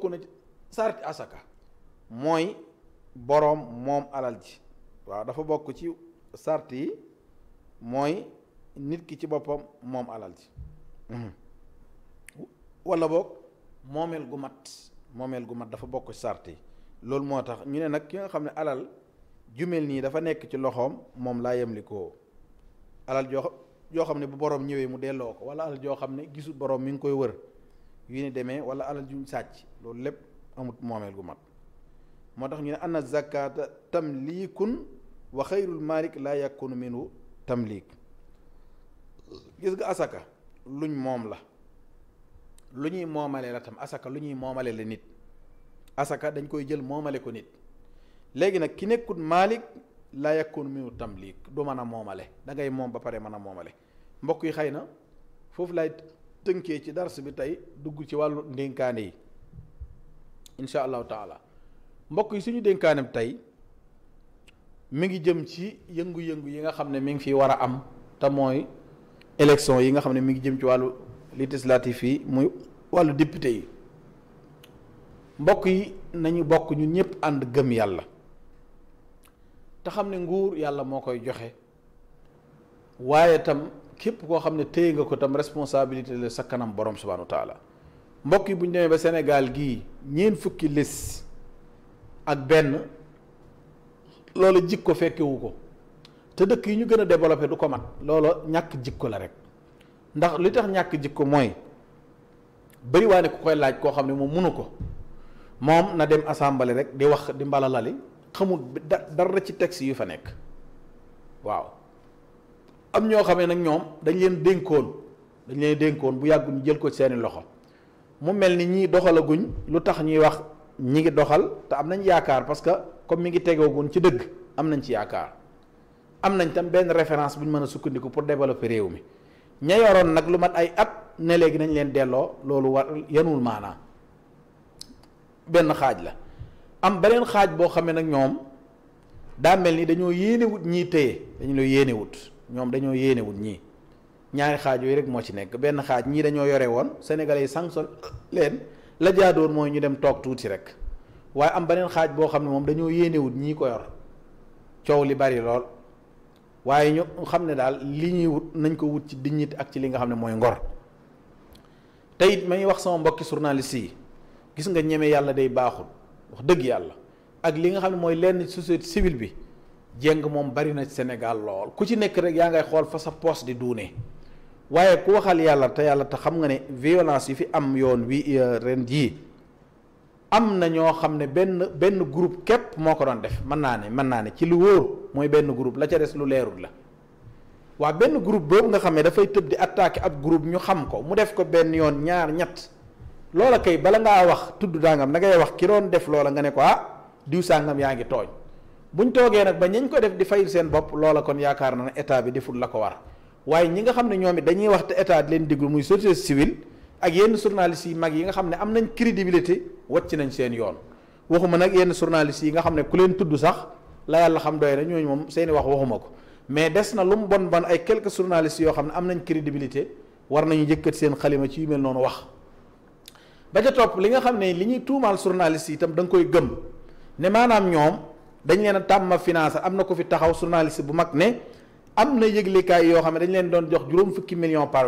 bokk na ci asaka mooy boroom moom alal ji waaw dafa bokk ci sart yi mooy nit ki ci boppam moom alal ji wala boog moomeel gu mat moomeel gu mat dafa bokk ci sart yi loolu moo tax ñu ne nag ki nga xam ne alal jumeel nii dafa nekk ci loxoom moom laa yemlikoo alal joo xam xam ne bu boroom ñëwee mu delloo ko wala alal joo xam ne gisul boroom mi ngi koy wër yu ni demee wala alal juñ sàcc loolu lépp amut moomeel gu mat moo tax ñu ne anna zakata tamliikun wa xayrul maalik laa yakunu minhu tamliik gis ga asaka luñ moom la lu ñuy moomalee la tam asaka lu ñuy moomale la nit asaka dañ koy jël moomale ko nit léegi nag ki nekkut maalik laa yakunu minhu tamliik du mën a moomale da ngay moom ba pare mën a moomale mbokk yi xëy na foofu laay tënkee ci dars bi tey dugg ci wàllu ndénkaane yi incha allahu taala mbokk yi suñu dénkaanem tey mi ngi jëm ci yëngu-yëngu yi nga xam ne mi ngi fi war a am te mooy yi nga xam ne mi ngi jëm ci wàllu législatif yi muy wàllu député yi mbokk yi nañu bokk ñun ñëpp ànd gëm yàlla te xam ne nguur yàlla moo koy joxe waaye tam képp koo xam ne téye nga ko tam responsabilité la sa kanam borom subhanahu wa taala mbokk yi bu ñu demee ba Sénégal gii ñeen fukki lis ak benn loolu jikko fekkewu ko te dëkk yi ñu gën a développé du ko mat loolu ñàkk jikko la rek ndax li tax ñàkk jikko mooy bëriwaane ku koy laaj koo xam ne moom munu ko moom na dem assemblée rek di wax di mbalalali xamul dara ci texte yu fa nekk waaw am ñoo xamee nag ñoom dañ leen dénkoon dañ leen dénkoon bu yàggul ñu jël ko seeni loxo mu mel ni ñii doxalaguñ lu tax ñuy wax ñi ngi doxal te am nañ yaakaar parce que comme mi ngi tegoogun ci dëgg am nañ ci yaakaar am nañ tam benn référence bu ñu mën a sukkandiku pour développer réew mi ña yoroon nag lu mat ay at ne léegi nañ leen delloo loolu war yanul maanaam benn xaaj la am beneen xaaj boo xamee nag ñoom daa mel ni dañoo yéenewut ñii téye dañu la yéenewut ñoom dañoo yéene wut ñii ñaari xaaj yooyu rek moo ci nekk benn xaaj ñii dañoo yore woon sénégalais yi sanction leen la jaadoon mooy ñu dem toog tuuti rek waaye am beneen xaaj boo xam ne moom dañoo yéene wut ñii ko yor coow li bari lool waaye ñu xam ne daal li ñuy wut nañ ko wut ci dignité ak ci li nga xam ne mooy ngor te it may wax sama mbokki journaliste yi gis nga ñeme yàlla day baaxul wax dëgg yàlla ak li nga xam ne mooy lenn société civile bi. jéng moom bari na Sénégal lool ku ci nekk rek yaa ngay xool fa sa poos di duune waaye ku waxal yàlla te yàlla te xam nga ne violence yi fi am yoon wi euh, ren jii am na ñoo xam ne benn benn groupe képp moo ko doon def mën naa ne mën naa ne ci lu wóor mooy benn groupe la ca des lu leerul la waa benn groupe boobu nga xam ne dafay tëb di attaquer ab groupe ñu xam ko mu def ko benn yoon ñaar ñett loola kay bala ngaa wax tudd dangam da ngay wax ki doon def loola nga ne ko ah diw yaa ngi tooñ buñ toogee nag ba ñañ ko def di fay seen bopp loola kon yaakaar na ne état bi deful la ko war waaye ñi nga xam ne ñoom it dañuy wax te état leen diglu muy société civile ak yenn journalistes yi mag yi nga xam ne am nañ crédibilité wàcc nañ seen yoon waxuma nag yenn journalistes yi nga xam ne ku leen tudd sax la yàlla xam doy na ñooñu moom seeni wax waxuma ko mais des na lu mu bon bon ay quelques journalistes yoo xam ne am nañ crédibilité war nañu yëkkat seen xalima ci yu mel noonu wax ba topp li nga xam ne li ñuy tuumaal journalistes itam da nga koy gëm ne maanaam ñoom dañ leen a tàmma financé am na ko fi taxaw su journaliste bu mag ne am na yëglekaay yoo xam ne dañ leen doon jox juróom fukki million par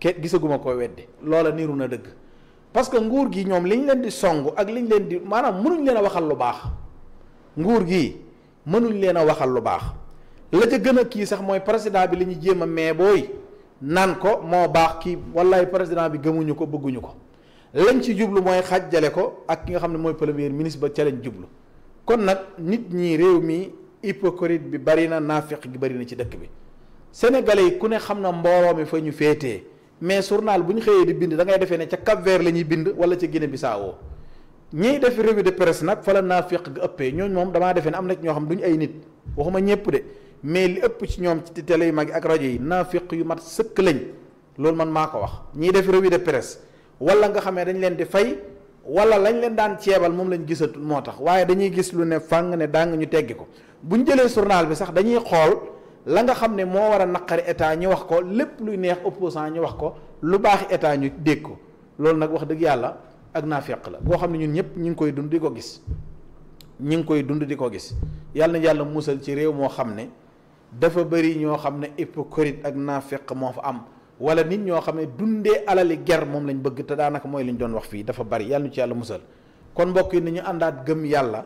ke gisaguma ko weddi loola niru na dëgg parce que nguur gi ñoom liñ leen di song ak liñ leen di maanaam mënuñ leen a waxal lu baax nguur gi mënuñ leen a waxal lu baax la ca gën a kii sax mooy président bi li ñu jéem a mais booy naan ko moo baax kii wallaay président bi gëmuñu ko bëgguñu ko lañ ci jublu mooy xàjjale ko ak ki nga xam ne mooy premier ministre ba ca jublu kon nag nit ñi réew mi hypocrite bi bari na naafiq gi bari na ci dëkk bi sénégalais yi ku ne xam na mbooloo mi fa ñu féetee mais journal bu ñu xëyee di bind dangay ngay defee ne ca Cap Vert la ñuy bind wala ca Guinée Bissau ñiy def revue de presse nag fa la naafiq gi ëppee ñooñu moom damaa defee ne am na ñoo xam duñu ay nit waxuma ñëpp de mais li ëpp ci ñoom ci télé yu mag ak rajo yi naafiq yu mat sëkk lañ loolu man maa ko wax ñiy def revue de presse nga xamee dañ leen di fay wala lañ leen daan ceebal moom lañ gisatul moo tax waaye dañuy gis lu ne fàng ne dàng ñu teggi ko bu ñu jëlee journal bi sax dañuy xool la nga xam ne moo war a naqari état ñu wax ko lépp luy neex opposant ñu wax ko lu baax état ñu dégg ko loolu nag wax dëgg yàlla ak naa feq la koo xam ne ñun ñëpp ñu ngi koy dund di ko gis ñu ngi koy dund di ko gis yàlla na yàlla musal ci réew moo xam ne dafa bëri ñoo xam ne hypocrite ak naa feq moo fa am wala nit ñoo xam ne dundee alali ger moom lañ bëgg te daanaka mooy liñ doon wax fii dafa bari yàlla ñu ci yàlla musal kon mbokk yi ni àndaat gëm yàlla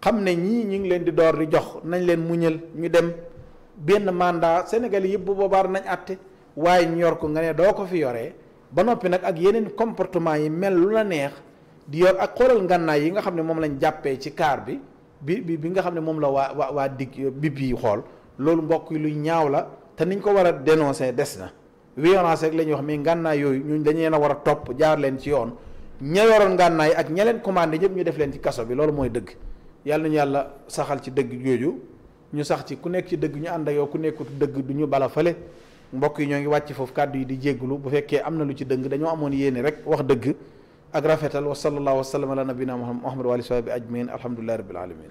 xam ne ñii ñu ngi leen di door di jox nañ leen muñal ñu dem benn mandat Sénégal yëpp bu boobaar nañ àtte waaye ñu yor ko nga ne doo ko fi yoree ba noppi nag ak yeneen comportement yi mel lu la neex di yor ak xoolal ngànnaay yi nga xam ne moom lañ jàppee ci kaar bi bi bi bi nga xam ne moom la waa waa waa dig bip xool loolu mbokk yi luy ñaaw la te niñ ko war a dénoncer des na. violence rek la ñuy wax mais ngànnaay yooyu ñun dañu leen a war a topp jaar leen ci yoon ña yoroon ngànnaay ak ña leen commandé ñëpp ñu def leen ci kaso bi loolu mooy dëgg yàlla nañu yàlla saxal ci dëgg jooju ñu sax ci ku nekk ci dëgg ñu ànd ak yow ku nekkut dëgg du ñu bala fale mbokk yi ñoo ngi wàcc foofu kàddu yi di jégglu bu fekkee am na lu ci dëng dañoo amoon yéene rek wax dëgg ak rafetal wa sallallahu wa sallam ala nabina muhammad wa ali sahbi ajmain alhamdulillahi rabbil